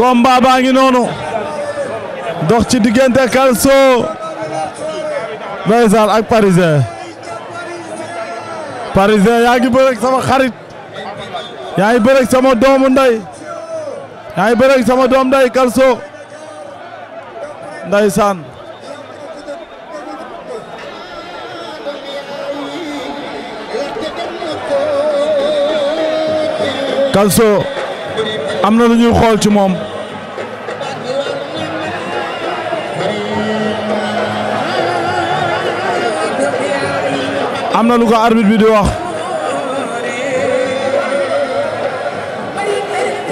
combat baa ngi noonu dox ci diggante Calcio ndeysaan ak Parisien Parisien yaa ngi bërek sama xarit yaa ngi bërek sama doomu nday yaa ngi bërek sama doom nday Calcio ndeysaan Calcio am na lu ñuy xool ci moom am na lu ko arbitre bi di wax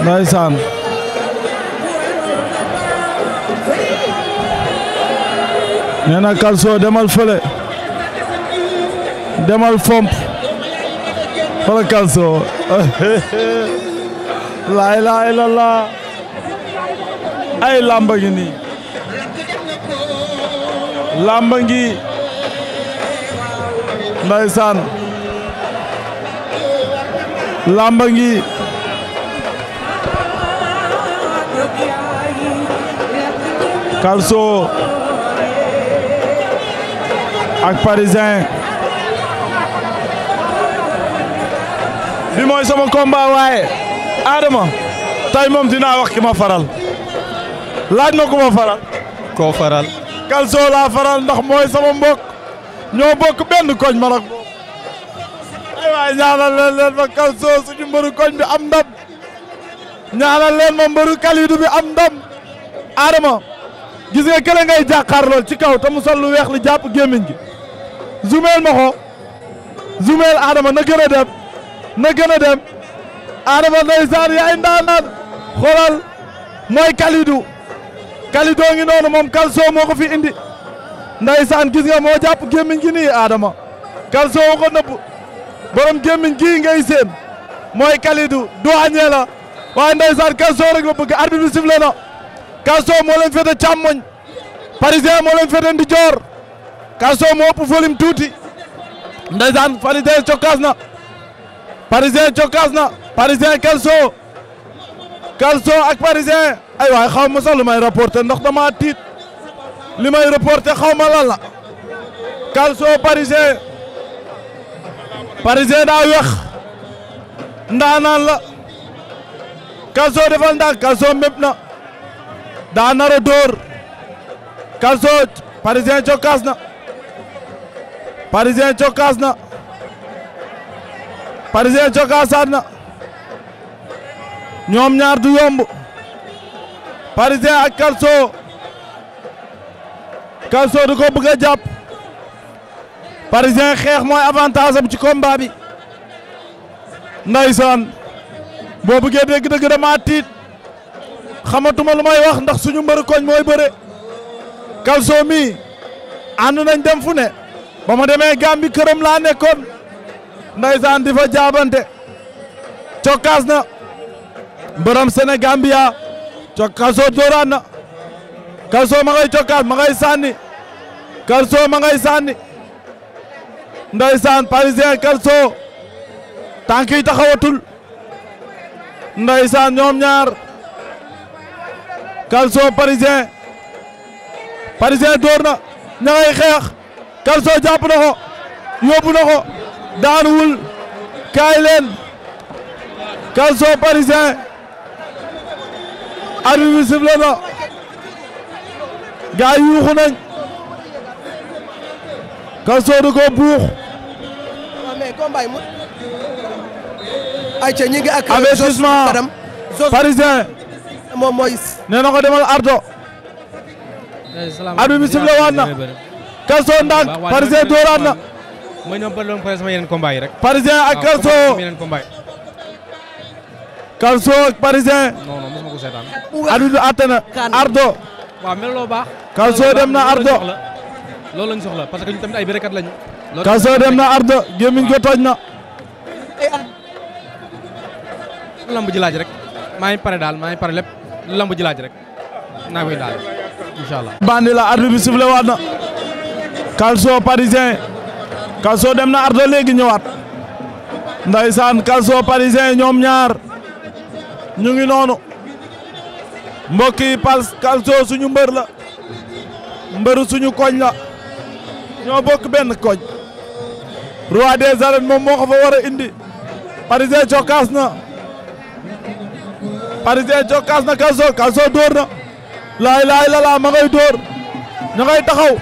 ndeysaan nee na Kalso demal fële demal fomp fala Kalso laa ilaaha illallaah ay lamba ngi nii lamba ngi ndeysaan làmba ngi Calcio ak Parisien bi mooy sama combat waaye Adama tay moom dinaa wax ki ma faral laaj ma ko ma faral koo faral Calcio laa faral ndax mooy sama mbokk ñoo bokk benn koñ ma nag ay waay ñaanal leen ma Kalso suñu mbëru koñ bi am ndam ñaanal ma mbëru Kalidou bi am ndam Adama gis nga kële ngay jàkkaar ci kaw te mu sol lu weex li jàpp gémmiñ gi zoomeel ma ko zoomeel Adama na gën dem na gën dem Adama ndeysaan yaay ndaanaan xoolal mooy Kalidou Kalidou ngi noonu moom Kalso moo ko fi indi ndaysaan gis nga moo jàpp gémmiñ gi nii Adama Galzo ko nëbb borom gémmiñ gii ngay seen mooy Kalidou doañee la waaye ndaysaan Galzo rek la bëgg arbitre bi sifflé na Galzo moo fete càmmoñ parisien moo leen fete ndijoor Galzo moo ëpp volume tuuti ndaysaan parisien cokkaas na parisien cokkaas na parisien Galzo Galzo ak parisien ay waay xaw ma sax lu may rapporter ndax dama tiit li may reporté xaw ma lan la Calcio parisien parisien daa wex ndaanaan la Calcio defal ndànk Calcio mépp na daa nar a dóor Calcio parisien cokkaas na parisien cokkaas na parisien cokkaasaat na ñoom ñaar du yomb parisien ak Calcio Calcio da ko bëgg a jàpp parisien xeex mooy avantage am ci combat bi ndaysaan boo bëggee dégg dëgg dama tiit xamatuma may wax ndax suñu mbër koñ mooy bëre Calcio mii ànd nañ dem fu ne ba ma demee Gàmbi këram laa nekkoon ndaysaan di fa jaabante cokkaas na mbëram Sénégambiya cokkaaso dooraan na Kalso ma cokkaat ma ngay sànni Kalso ma ngay sànni ndeysaan parisien Kalso tànk yi taxawatul ndeysaan ñoom ñaar Kalso parisien parisien door na ña ngay xeex Kalso jàpp na ko yóbbu na ko gaa yuuxu nañ Castors ko buux ayca ñi ngi ak euh, parisien nee na demal ardo arbi bi sifle waat na Castors ndànk parisien dóoraat na parisien ak Castors Castors parisien. non non mosuma ko ardo waaw mel baax. Kalso dem na Ardo loolu lañ soxla parce que ñu tamit ay bérekat lañu. Kalso dem na Ardo gémmiñ ko toj na. Eh, ah. lamb ji laaj rek maa ngi pare daal maa ngi pare lépp lamb ji laaj rek naa koy daal incha la arbitre bi dem na Ardo léegi ñëwaat. Ndeysaan Kalso parisien ñoom ñaar ñu ngi noonu. mbokk yi Calcio suñu mbër la mbëru suñu koñ la ñoo bokk benn koñ roi des arènes moo ko fa war indi Parisien cokkaas na Parisien cokkaas na Calcio Calcio dóor na laay laay la laa dóor ña taxaw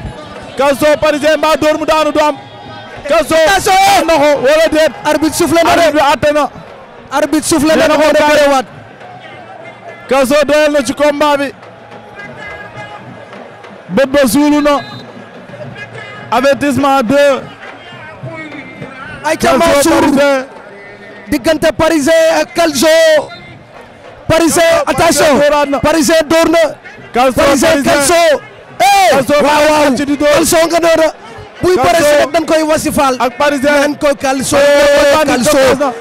Calcio Parisien mbaa dóor mu daanu du am Calcio na ko wala déet arbitre soufflé na de arbitre soufflé na de arbitre soufflé Kalso doyal na ci combat bi bët suulu na avertissement deux. ay ca Mansour diggante Parisien ak Kalso. Parisien attention Parisien door na. Kalso Parisien eh! Kalso. Kalso waaw waaw Kalso nga door na. buy Parisien rek dañ koy wasifaal. ak Parisien dañ koy Kalso.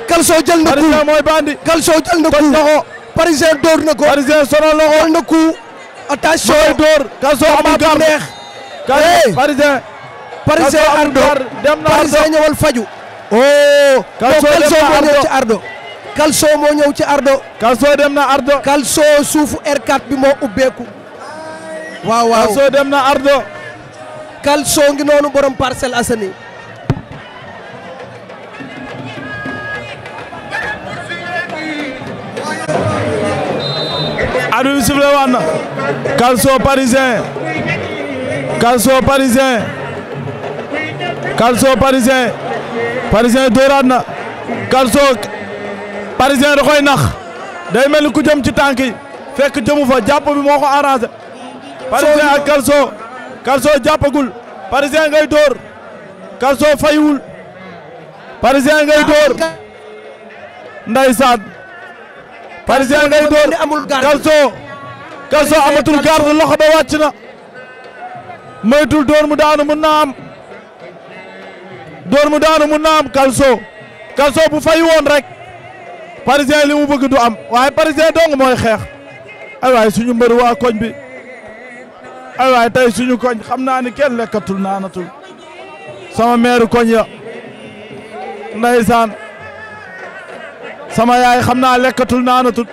Kalso eh, jël na ku Kalso jël na ku. parisien dóor na ko parisien sonal na ko na ku attention mooy dóor kaso amul gar neex eh. parisien parisien ardo parisien ñëwal faju oh kalso moo ñëw ci ardo kalso dem na ardo kalso suufu R4 bi moo ubbeeku waaw waaw kalso dem na ardo kalso ngi noonu borom Parcelles Assainies arbitre yi sifflé waat na Calcio Parisien Calcio Parisien Calcio Parisien Parisien dóoraat nax day mel ni ku jëm ci tànk yi fekk jëmu fa jàpp bi moo ko arrangé Parisien ak Calcio Calcio jàppagul Parisien ngay dóor Calcio faywul Parisien ngay dóor ndeysaan Parisien ngay door Kalso Kalso amatul garde loxo ba wàcc na moytul door mu daanu mun naa am mu daanu mun naa Kalso Kalso bu fay woon rek Parisien li mu bëgg du am waaye Parisien dong mooy xeex ay waay suñu mbër waa koñ bi ay waay tey suñu koñ xam naa ni kenn lekkatul naanatul sama meeru koñ ya ndeysaan sama yaay xam naa lekkatul naanatul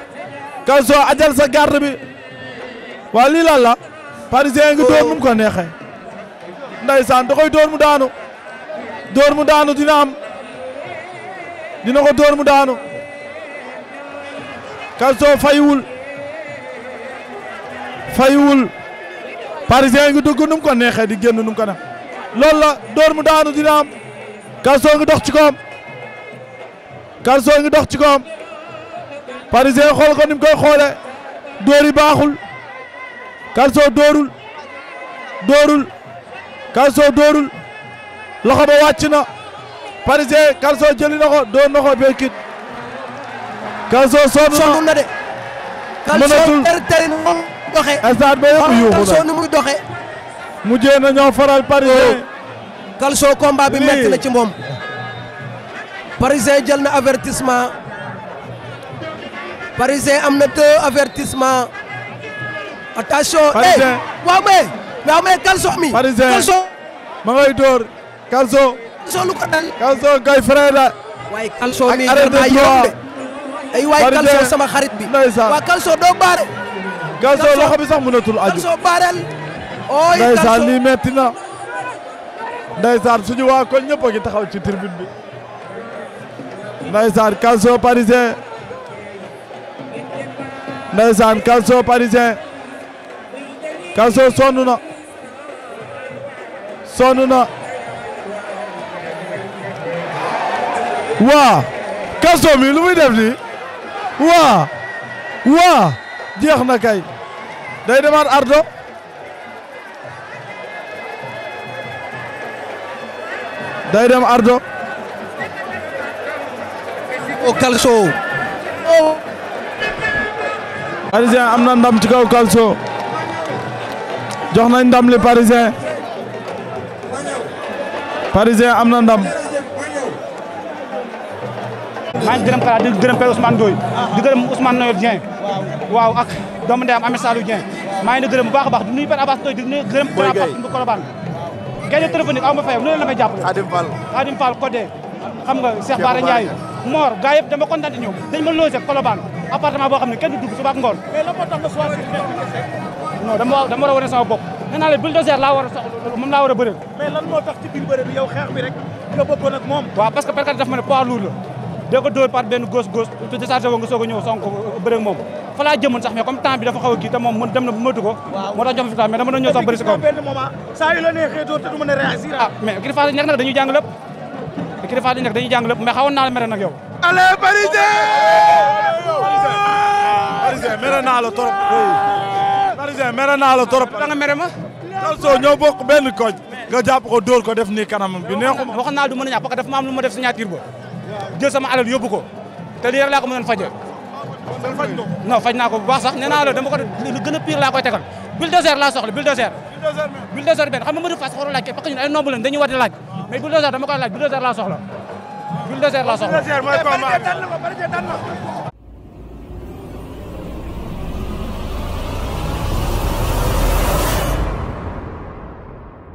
Kalso ajal sa garde bi waa lii lan la parisien ngi dóor nu mu ko neexee ndeysaan da koy dóor mu daanu dóor mu daanu dina dina ko dóor mu daanu Kalso faywul faywul parisien ngi dugg nu mu ko neexe di génn nu mu ko neex la dóor mu daanu dina am Kalso ci koom Carso ngi dox ci kawam Parisien xool ko ni koy xoolee dóor baaxul Carso dóorul dóorul Carso dóorul loxo ba wàcc na Parisien Carso jëli na ko dóor na ko béykit Carso sonn na de mënatul stade ba yëpp yuuxu na muy doxe mujjee na ñoo faral Parisien Carso combat bi metti na ci moom Parisien jël na avertissement Parisien am na deux avertissement attention. Eh, Parisien waaw mais waaw mais Calcio mi. Parisien Calcio. ma ngay door Calcio. Calcio lu ko dal. Calcio gay frère la. waaye Calcio mi dem naa yomb de ay sama xarit bi. waa Calcio doo baare. Calcio loxo bi sax mënatul aju. Calcio baareel. ooy Calcio ndeysaan lii metti na. ndeysaan suñu waa ko ñëpp a taxaw ci tribune bi. ndeysaan calcio parisien ndeysaan calcio parisien calcio sonn na sonn na waa calcio mi lu muy def nii waa waa jeex na kay day demaat ardo day dem ardo au Calcio. Parisien am na ndam ci kaw Calcio jox nañ ndam li Parisien Parisien am na ndam. maa ngi gërëm Kara di gërëm Père Ousmane Ndoye di gërëm Ousmane Noël Dieng waaw ak doomu ndeyam Ameth Saliou Dieng maa ngi gërëm bu baax a baax di nuyu Père Abbas Ndoye di nuyu gërëm Grand Pape bu Colobane kenn téléphonique aw ma fayam noonu la may jàppale Adim Fall Adim Fall Codé xam nga Cheikh Bara Ndiaye Mor gaa dama kontaan ñoom dañ ma logé Colobane appartement boo xam ne kenn du dugg suba ngoon. mais dama dama war a wane bopp. nee naa leen bulldozer laa war a soxla moom laa war a waaw parce que perkat daf ma ne poids lourd la. dee ko par benn gos gos te déchargé woo nga soog ñëw sonk euh, bëre ak moom fa laa jëmoon sax mais comme temps bi dafa xaw a kii te dem na bu matu moo tax jox fi temps dama doon ñëw sax bëri si kaw benn moment saa yu nekk ah, nag kilifa duñ nekk dañuy jàng lépp mais xawoon naa la mere nag yow. allez Parisien. mere naa la trop. Parisien mere naa la trop. da nga mere ma. Kalso ñoo bokk benn koñ. nga jàpp ko dóor ko def nii kanamam bi neexuma. waxoon naa du mën a ñàkk parce que dafa ma am lu ma def signature ba. jël sama alal yóbbu ko. te lii rek laa ko mënoon faje non faj naa ko bu baax sax nee naa la dama ko lu gën a pire laa koy tegal bulldozer laa soxla bulldozer bulldozer benn xam nga Modou Fass xoolal laaj parce que ñun ay nomb lañ dañuy war di laaj mais bulldozer dama koy laaj bulldozer laa soxla bulldozer laa soxla